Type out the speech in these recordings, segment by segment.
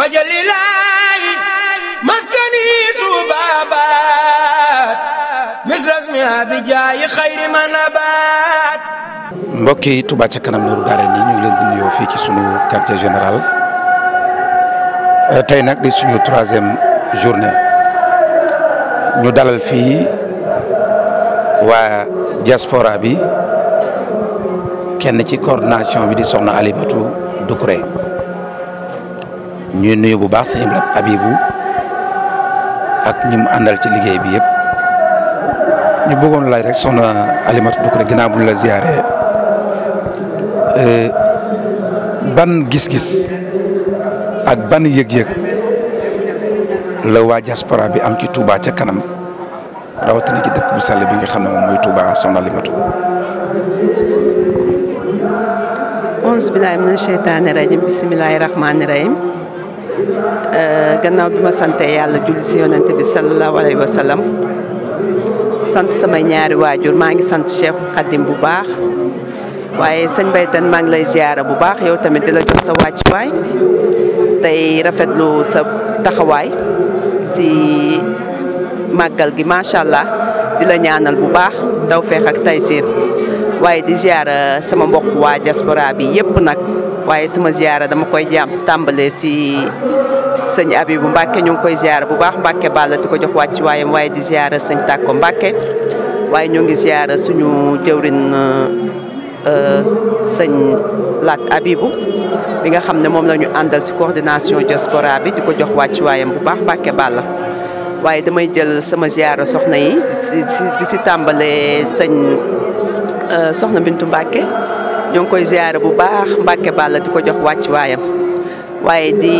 wajalilaayi maskani tuubaabaat misras mi abijaayi xayri manabaat mbokk yi Touba ca kanam Nourou Darayni ñu ngi leen di nuyoo fii ci sunu quartier général tey nag di suñu troisième journée ñu dalal fii waa diaspora bi kenn ci coordination bi di soxna Alimatou Doucouré ñuy nuyu bu baax si sëñ Abibou ak ñi mu àndal ci liggéey bi yëpp ñu bëggoon lay rek soxna Alimatou Doucouré ginnaaw bu ñu la ziyaare euh, ban gis-gis ak ban yëg-yëg la waa diaspora bi am ci Touba ca kanam rawatina ci dëkk bu sell bi nga xam ne moom mooy soxna Alimatou. bismillaahi rahmaani rahiim. Eh, gannaaw bi ma santee yàlla julli si yonent bi sallallahu alayhi wa sallam sant samay ñaari waajur maa ngi sant Cheikh Khadim bu baax waaye sëñ Baytan maa ngi lay ziyaara bu baax yow tamit di la jox sa wàccuwaay tey rafetlu sa taxawaay si màggal gi macha allah di la ñaanal bu baax feex ak taysiir waaye di ziyaara sama mbokk waa diaspora bi yépp nag. waaye sama ziyaara dama koy jaam tàmbalee si sëñ Abibu Mbàkke ñoo ngi koy ziyaara bu baax Mbàkke Balla di ko jox wàcc waayam waaye di ziyaara sëñ Tàkko Mbàkke waaye ñoo ngi ziyaara suñu jëwrin euh, sëñ Lat Abibu bi nga xam ne moom la ñu àndal si coordination diaspora bi di ko jox wàcc waayam bu baax Mbàkke Balla waaye damay jël sama ziyaara soxna yi di si tàmbalee sëñ euh, soxna Bintu Mbàkke ñoo ngi koy ziare bu baax Mbacke la di ko jox wàcc waayam waaye di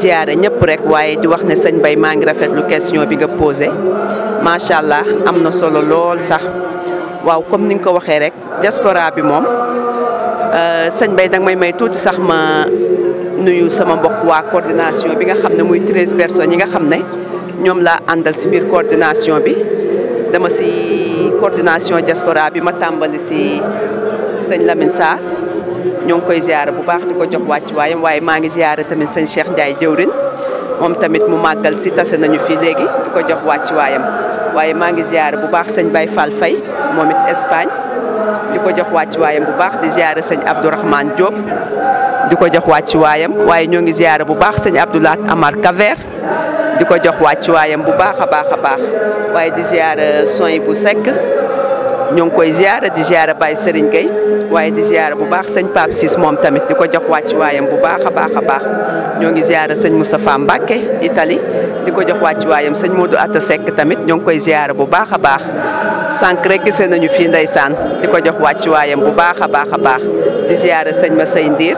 ziare ñëpp rek waaye di wax ne sëñ Bay maa ngi rafet lu question bi nga posé macha allah am na solo lool sax waaw comme ni nga ko waxee rek diaspora bi moom euh, sëñ Bay danga may may tuuti sax ma nuyu sama mbokk waa coordination bi nga xam ne muy treize personnes yi nga xam ne ñoom laa àndal si biir coordination bi dama si coordination diaspora bi ma tàmbali si. sëñ Lamine Sarr ñoo ngi koy ziyaara bu baax di ko jox wàcc waayam waaye maa ngi ziyaara tamit sëñ Cheikh Ndiaye jëwriñ moom tamit mu màggal si tase nañu fii léegi di ko jox wàcc waayam waaye maa ngi ziyaara bu baax sëñ Baye Fall fay moom it Espagne di ko jox wàcc waayam bu baax di ziyaara sëñ Abdourahmane Diop di ko jox wàcc waaye ñoo ngi ziyaara bu baax sëñ Abdoulaat Amar Kaver di ko jox wàcc waayam bu baax a baax a baax waaye di ziyaara soñ bu sekk ñoo ngi koy siyaare di ziara Baye Serigne Gueye waaye di ziara bu baax sëñ Pape Ciss moom tamit di ko jox wàccuwaayam bu baax a baax a baax ñoo ngi ziara sëñ Moustapha Mbacke itali di ko jox wàccuwaayam sëñ Modou Atta Seck tamit ñoo ngi koy siyaare bu baax a baax sànq rek gisee nañu fii ndeysaan di ko jox wàccuwaayam bu baax a baax a baax di ziara ma Massay Ndiir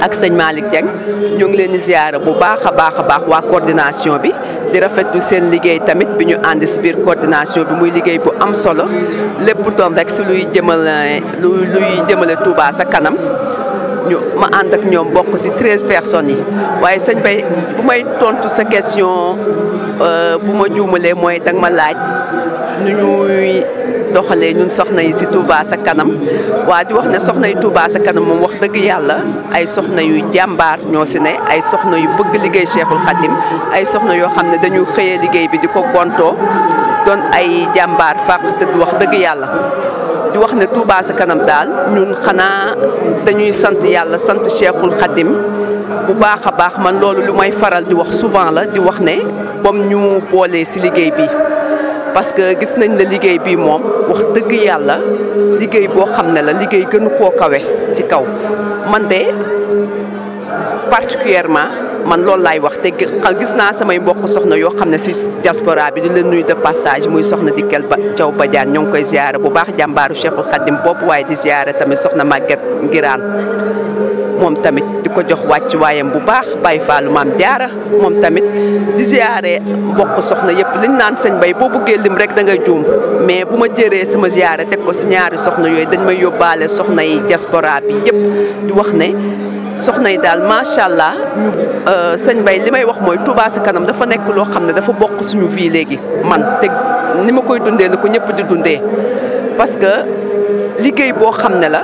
ak sëñ Malick Dieng ñu ngi leen di ziyaara bu baax a baax a baax waa coordination bi di rafetlu seen liggéey tamit bi ñu ànd si biir coordination bi muy liggéey bu am solo lépp doon rek si luy jëmal luy jëmale Touba sa kanam ñu ma ànd ak ñoom bokk si treize personnes yi waaye sëñ Bay bu may tontu sa question euh, bu ma juumalee mooy danga ma laaj nu ñuy doxalee ñun soxna yi si Touba sa kanam waa di wax ne soxna yi tuubaa sa kanam moom wax dëgg yàlla ay soxna yu jàmbaar ñoo si ne ay soxna yu bëgg liggéey Cheikhul Khadim ay soxna yoo xam ne dañu xëyee liggéey bi di ko gontoo doon ay jàmbaar fàq te wax dëgg yàlla di wax ne Touba sa kanam daal xanaa dañuy sant yàlla sant Cheikhul xaddim bu baax a baax man loolu lu may faral di wax souvent la di wax ne bam ñu boolee si liggéey bi parce que gis nañ ne liggéey bi moom wax dëgg yàlla liggéey boo xam ne la liggéey gënu koo kawe ci kaw man de particulièrement man loolu laay wax te gis naa samay mboq soxna yoo xam ne si diaspora bi di leen nuyu de passage muy soxna di kel ba Thiaw Badiane ñoo ngi koy ziyaare bu baax jàmbaaru Cheikhul Khadim boobu waaye di ziyaare tamit soxna Maguette Ngiraan moom tamit di ko jox wàcc bu baax Baye Fallou maam jaara moom tamit di ziyaare mbokk soxna yëpp liñ naan sëñ bay boo buggee lim rek dangay ngay juum mais bu ma jëree sama ziyaare teg ko si ñaari soxna yooyu dañ may yóbbaale soxna yi diaspora bi yëpp di wax ne soxna yi daal macha allah ñu euh, sëñ Mbaye li may wax mooy Touba ca kanam dafa nekk loo xam ne dafa bokk suñu vie léegi man teg ni ma koy dundee la ko ñëpp di dundee parce que liggéey boo xam ne la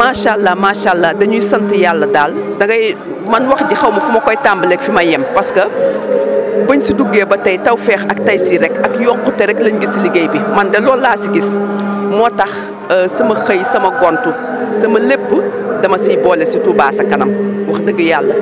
macha allah macha allah dañuy sant yàlla daal da ngay man wax ji xaw ma fu ma koy tàmbaleeg fu may yem parce que bañ si duggee ba tey tawféex ak tey si rek ak yokkute rek lañ gis liggéey bi man de loolu laa si gis. moo tax euh, sama xëy sama gontu sama lépp dama siy boole si Touba sa kanam wax dëgg yàlla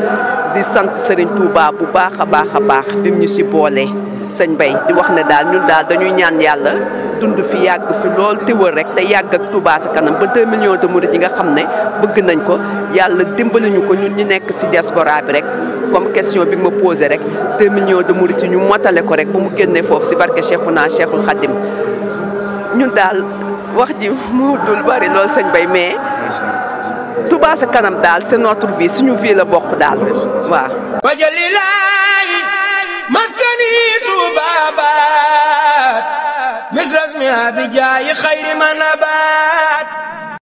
di sant Serigne Touba bu baax a baax a baax bi mu ñu si boolee sëñ Bay di wax ne daal ñun daal dañuy ñaan yàlla dund fi yàgg fi lool te rek te yàgg ak Touba sa kanam ba 2 millions de mu yi nga xam ne bëgg nañ ko yàlla dimbali ñu ko ñun ñu nekk si diaspora bi rek comme question bi ma posé rek 2 millions de mu yi ñu motale ko rek bu mu génnee foofu si barke Cheikhouna Cheikhul Khadim ñun daal wax ji mu dul bari lool sëñ bay mais Touba kanam daal c'est notre vie suñu vie la bokk daal waaw wajalilaahi maskani Touba baat misras mi abijaayi xayri ma nabaat